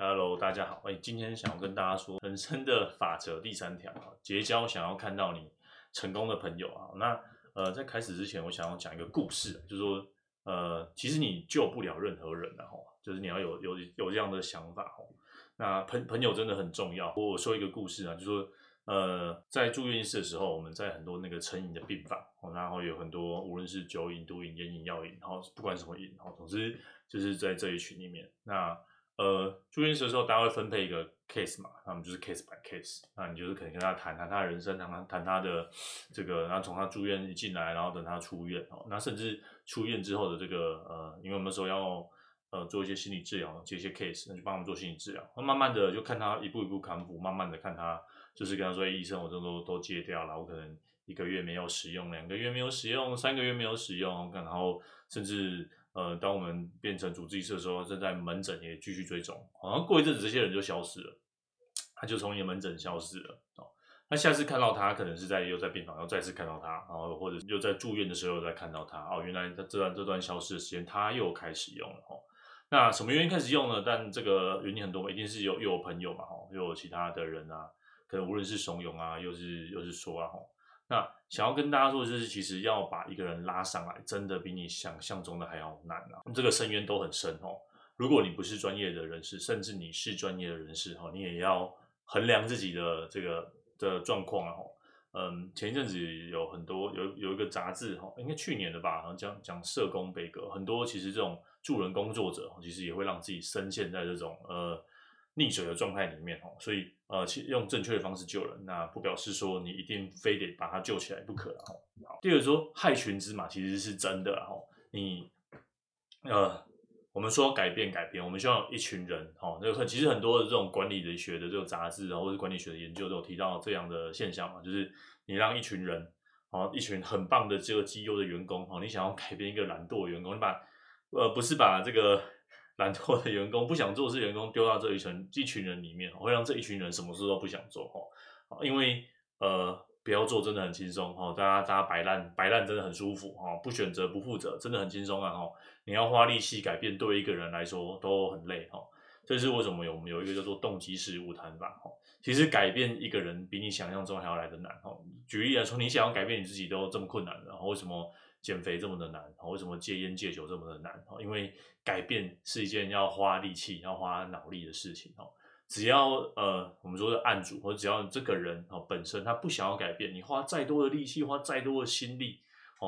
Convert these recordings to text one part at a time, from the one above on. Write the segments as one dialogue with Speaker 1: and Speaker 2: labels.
Speaker 1: Hello，大家好。哎，今天想要跟大家說生存的法則第三條啊，結交想要看到你成功的朋友啊。那呃，在開始之前，我想要講一個故事，就說呃，其實你救不了任何人啊，然後就是你要有有有這樣的想法。那朋朋友真的很重要。我說一個故事啊，就說呃，在住院醫師的時候，我們在很多那個成癮的病房，然後有很多無論是酒癮、毒癮、菸癮、藥癮，然後不管什麼癮，然後總之就是在這一群裡面，那。呃，住院時的時候，大家會分配一個 case 嘛，那我們就是 case by case，那你就是可以跟他談談他的人生，談談他，他的這個，然後從他住院一進來，然後等他出院，哦，那甚至出院之後的這個，呃，因為我們說要呃做一些心理治療，接一些 case，那就幫他們做心理治療，那慢慢的就看他一步一步康復，慢慢的看他就是跟他說醫生我，我這都都戒掉了，我可能一個月沒有使用，兩個月沒有使用，三個月沒有使用，然後甚至。呃，當我們變成主治醫師的時候，正在門診也繼續追蹤，好像過一陣子這些人就消失了，他就從你的門診消失了哦。那下次看到他，可能是在又在病房，又再次看到他，然後，哦，或者是又在住院的時候又再看到他哦。原來他這段這段消失的時間，他又開始用了哦。那什麼原因開始用呢？但這個原因很多，一定是有又有朋友嘛、哦，又有其他的人啊，可能無論是慫恿啊，又是又是說啊，哦那想要跟大家說，就是其實要把一個人拉上來，真的比你想象中的還要難啊、嗯！這個深淵都很深哦。如果你不是專業的人士，甚至你是專業的人士、哦、你也要衡量自己的這個的狀況、啊、嗯，前一陣子有很多有有一個雜誌哈、哦，應該去年的吧，講講社工悲歌，很多其實這種助人工作者，其實也會讓自己深陷在這種呃。溺水的狀態裡面哦，所以呃，其用正確的方式救人，那不表示說你一定非得把他救起來不可。第二個說害群之馬其實是真的哦。你呃，我們說要改變改變，我們需要一群人哦，那很其實很多的這種管理的學的這種雜誌啊，或者是管理學的研究都有提到這樣的現象嘛，就是你讓一群人哦，一群很棒的這個績優的員工哦，你想要改變一個懶惰的員工，你把呃不是把這個。懶惰的員工不想做，的員工丟到這一群一群人裡面，會讓這一群人什麼事都不想做哈。因為呃，不要做真的很輕鬆哈，大家大家擺爛擺爛真的很舒服哈，不選擇不負責真的很輕鬆啊哈。你要花力氣改變，對一個人來說都很累哈。這是為什麼有我們有一個叫做動機式晤談法哈，其實改變一個人比你想象中還要來得難哈。舉例來說，你想要改變你自己都這麼困難的，然後為什麼？減肥這麼的難，為什麼戒菸戒酒這麼的難？因為改變是一件要花力氣、要花腦力的事情。只要呃，我們說的案主，或者只要你這個人本身他不想要改變，你花再多的力氣，花再多的心力，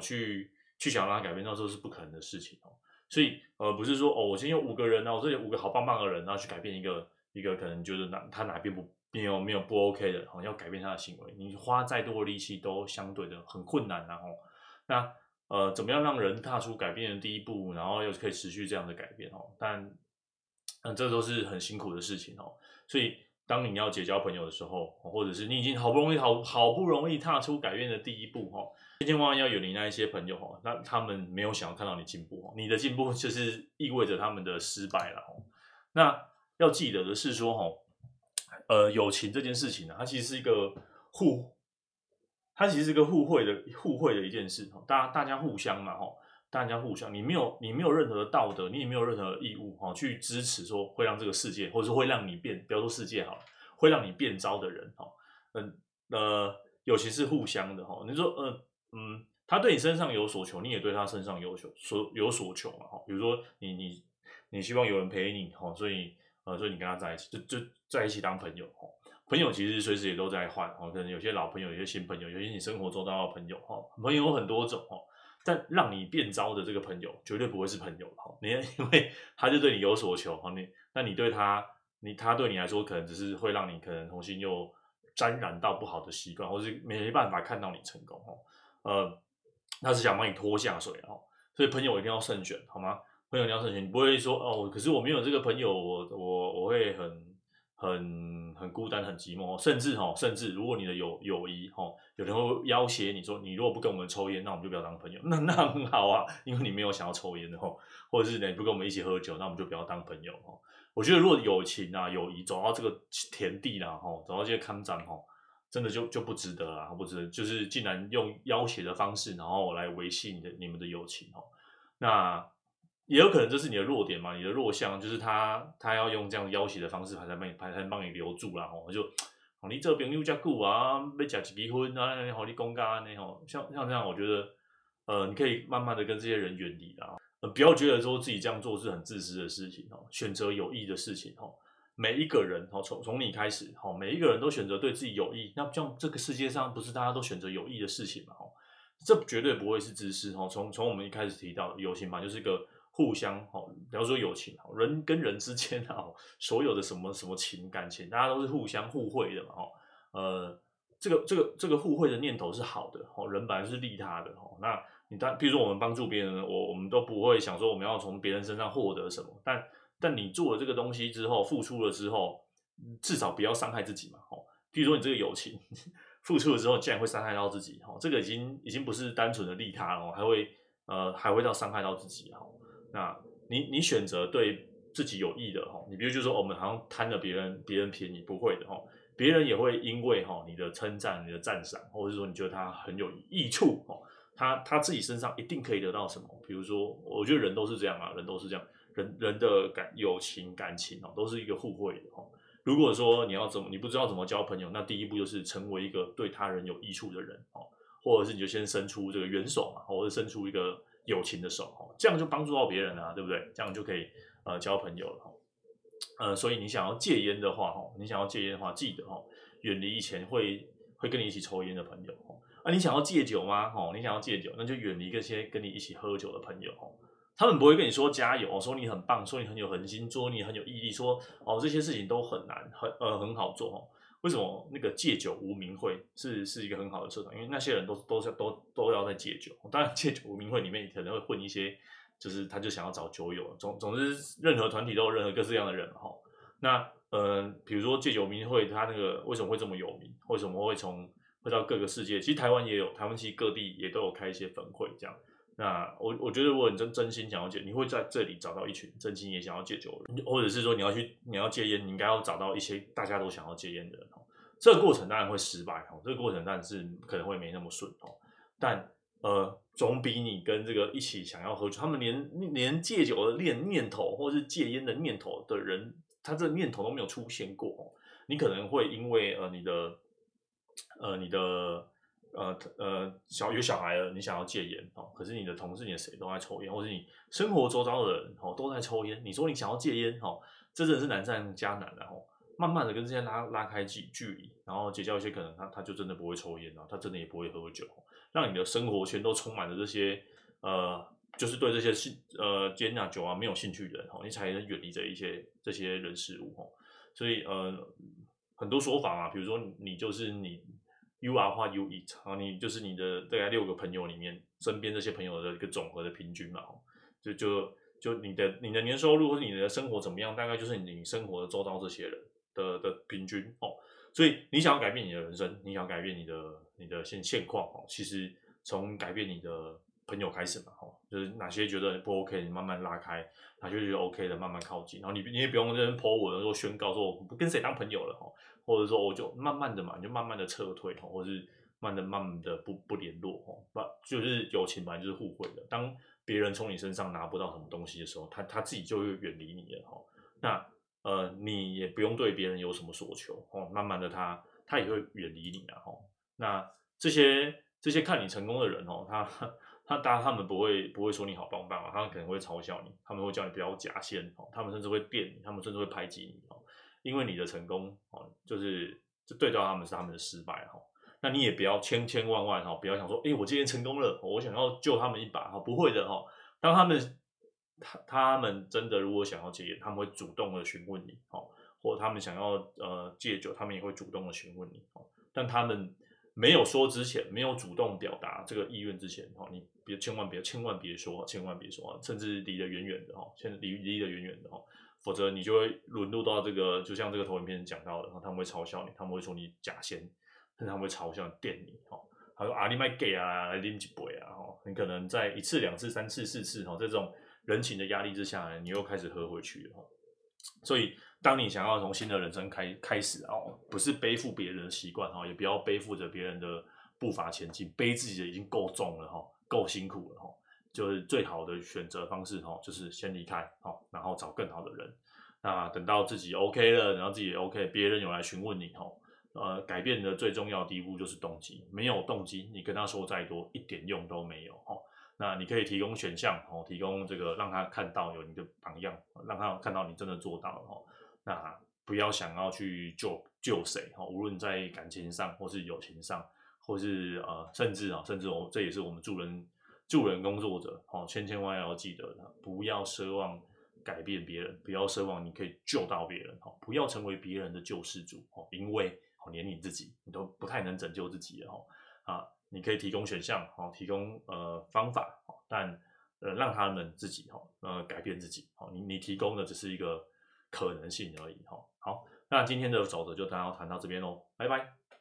Speaker 1: 去去想讓他改變，那時候是不可能的事情哦。所以呃，不是說哦，我先用五個人，我這裡五個好棒棒的人，然後去改變一個一個可能覺得哪他哪邊不變哦，沒有不 OK 的，要改變他的行為，你花再多的力氣都相對的很困難，然後那。呃，怎麼樣讓人踏出改變的第一步，然後又可以持續這樣的改變哦？但、但、呃、這都是很辛苦的事情哦。所以，當你要結交朋友的時候，或者是你已經好不容易、好、好不容易踏出改變的第一步哦，千千萬萬要遠離那一些朋友哦。那他們沒有想要看到你進步、哦，你的進步就是意味着他們的失敗了、哦。那要記得的是說、哦，哈，呃，友情這件事情呢、啊，它其實是一個互。它其實是個互惠的互惠的一件事，大家大家互相嘛哈，大家互相，你沒有你沒有任何的道德，你也沒有任何義務哈，去支持說會讓這個世界，或者說會讓你變，不要說世界好了，會讓你變糟的人哈，嗯呃，尤其是互相的哈，你說呃嗯，他對你身上有所求，你也對他身上有所求所有所求嘛哈，比如說你你你希望有人陪你哈，所以呃所以你跟他在一起就就在一起當朋友朋友其實隨時也都在換、哦，可能有些老朋友，有些新朋友，有些你生活中到的朋友，哈、哦，朋友有很多種、哦，但讓你變糟的這個朋友絕對不會是朋友，哈、哦，你因為他就對你有所求，哈、哦，你那你對他，你他對你來說可能只是會讓你可能重新又沾染到不好的習慣，或是沒辦法看到你成功，哈、哦，呃，他是想把你拖下水，哈、哦，所以朋友一定要慎選，好嗎？朋友你要慎選，你不會說哦，可是我沒有這個朋友，我我我會很。很很孤單，很寂寞，甚至吼，甚至如果你的友友誼吼，有人會要挾你說，你如果不跟我們抽煙，那我們就不要當朋友。那那很好啊，因為你沒有想要抽煙的，或者是你不跟我們一起喝酒，那我們就不要當朋友吼。我覺得，如果友情啊，友誼走到這個田地呢、啊、吼，走到這些坎場吼，真的就就不值得了，不值得。就是竟然用要挾的方式，然後來維繫你的你們的友情吼，那。也有可能這是你的弱點嘛。你的弱項就是他，他要用這樣要挾的方式，還在幫你，還在幫你留住啦。哦。我就，你這邊 new 加啊，被假起離婚啊，好你公幹，那吼，像像這樣，我覺得呃，你可以慢慢的跟這些人遠離啦、呃，不要覺得說自己這樣做是很自私的事情哦，選擇有益的事情哦。每一個人哦，從從你開始哦，每一個人都選擇對自己有益，那像這個世界上不是大家都選擇有益的事情嘛？哦，這絕對不會是自私哦。從從我們一開始提到的友情嘛，就是一個。互相哦，比方說友情哦，人跟人之間哦，所有的什麼什麼情感情，大家都是互相互惠的嘛哦。呃，這個這個這個互惠的念頭是好的哦，人本來是利他的哦。那你當譬如說我們幫助別人，我我們都不會想說我們要從別人身上獲得什麼。但但你做了這個東西之後，付出了之後，至少不要傷害自己嘛哦。譬如說你這個友情，付出了之後竟然會傷害到自己哦，這個已經已經不是單純的利他了哦，還會呃還會到傷害到自己哦。那你你選擇對自己有益的哈，你比如就說我們好像貪了別人別人便宜，不會的哈，別人也會因為哈你的稱讚、你的讚賞，或者說你覺得他很有益處哦，他他自己身上一定可以得到什麼。比如說，我覺得人都是這樣啊，人都是這樣，人人的感友情感情哦，都是一個互惠的哦。如果說你要怎麼，你不知道怎麼交朋友，那第一步就是成為一個對他人有益處的人哦，或者是你就先伸出這個援手嘛，或者伸出一個。友情的手吼，這樣就幫助到別人了，啊，對不對？這樣就可以呃交朋友了呃，所以你想要戒菸的話，你想要戒菸的話，記得吼，遠離以前會會跟你一起抽菸的朋友，啊，你想要戒酒嗎？哦，你想要戒酒，那就遠離這些跟你一起喝酒的朋友。他們不會跟你說加油，說你很棒，說你很有恆心，說你很有毅力，說哦這些事情都很難，很呃很好做為什麼那個戒酒無名會是是一個很好的社團？因為那些人都都是都都要在戒酒。當然，戒酒無名會裡面可能會混一些，就是他就想要找酒友。總總之，任何團體都有任何各式各樣的人哈。那呃，比如說戒酒無名會，他那個為什麼會這麼有名？為什麼會從會到各個世界？其實台灣也有，台灣其實各地也都有開一些分會這樣。那我我覺得，如果你真真心想要戒，你會在這裡找到一群真心也想要戒酒的人，或者是說你要去你要戒菸，你應該要找到一些大家都想要戒菸的人哦。這個過程當然會失敗哦，這個過程但是可能會沒那麼順哦。但呃，總比你跟這個一起想要喝酒，他們連連戒酒的念念頭，或是戒菸的念頭的人，他這個念頭都沒有出現過哦。你可能會因為呃你的呃你的。呃你的呃呃，小有小孩了，你想要戒煙哦，可是你的同事、你的誰都在抽煙，或是你生活周遭的人哦都在抽煙，你說你想要戒煙哦，這真的是難上加難。然後、哦、慢慢的跟這些拉拉開距距離，然後結交一些可能他他就真的不會抽煙哦，他真的也不會喝酒、哦，讓你的生活圈都充滿了這些呃，就是對這些是呃煙啊酒啊沒有興趣的人哦，你才能遠離着一些這些人事物哦。所以呃，很多說法嘛，比如說你就是你。You are what you eat，然後，你就是你的大概六個朋友裡面，身邊這些朋友的一個總和的平均嘛，就就就你的你的年收入，或者你的生活怎麼樣，大概就是你，你生活的周遭這些人的的平均哦。所以你想要改變你的人生，你想要改變你的你的現現況哦，其實從改變你的。朋友開始嘛，就是哪些覺得不 OK，你慢慢拉開；哪些覺得 OK 的，慢慢靠近。然後你你也不用這邊 po 我的時候宣告說我不跟誰當朋友了，或者說我就慢慢的嘛，你就慢慢的撤退，吼，或者是慢的慢的不不聯絡，不就是友情嘛，就是互惠的。當別人從你身上拿不到什麼東西的時候，他他自己就會遠離你了，那呃，你也不用對別人有什麼索求，慢慢的他他也會遠離你的，那這些這些看你成功的人，他。他當然，他們不會不會說你好棒棒，他們可能會嘲笑你，他們會叫你不要假仙，他們甚至會貶你，他們甚至會排擠你，因為你的成功就是就對照他們是他們的失敗哈。那你也不要千千萬萬哈，不要想說，哎，我今天成功了，我想要救他們一把哈，不會的哈。當他們他他們真的如果想要戒菸，他們會主動的詢問你，或者他們想要呃戒酒，他們也會主動的詢問你，但他們。沒有說之前，沒有主動表達這個意願之前，哈，你別千萬別千萬別說，千萬別說，甚至離得遠遠的哈，甚至離離得遠遠的哈，否則你就會淪落到這個，就像這個投影片講到的，哈，他們會嘲笑你，他們會說你假仙，甚至他們會嘲笑你電你，哈，他說啊，你賣假啊，來喝一杯啊，哈，很可能在一次兩次三次四次哈，這種人情的壓力之下，你又開始喝回去了，哈，所以。當你想要從新的人生開開始哦，不是背負別人的習慣哈，也不要背負着別人的步伐前進，背自己的已經夠重了哈，夠辛苦了哈，就是最好的選擇方式哈，就是先離開哈，然後找更好的人。那等到自己 OK 了，然後自己也 OK，別人有來詢問你，呃，改變的最重要的第一步就是動機，沒有動機，你跟他說再多，一點用都沒有哈。那你可以提供選項，提供這個讓他看到有你的榜樣，讓他看到你真的做到了哈。那不要想要去救救誰哦，無論在感情上或是友情上，或是呃，甚至啊，甚至我這也是我們助人助人工作者哦，千千萬萬要記得，不要奢望改變別人，不要奢望你可以救到別人哦，不要成為別人的救世主哦，因為哦，連你自己你都不太能拯救自己哦啊、呃，你可以提供選項哦，提供呃方法哦，但呃讓他們自己哦呃改變自己哦，你、呃、你提供的只是一個。可能性而已哈，好，那今天的守則就大家要談到這邊嘍，拜拜。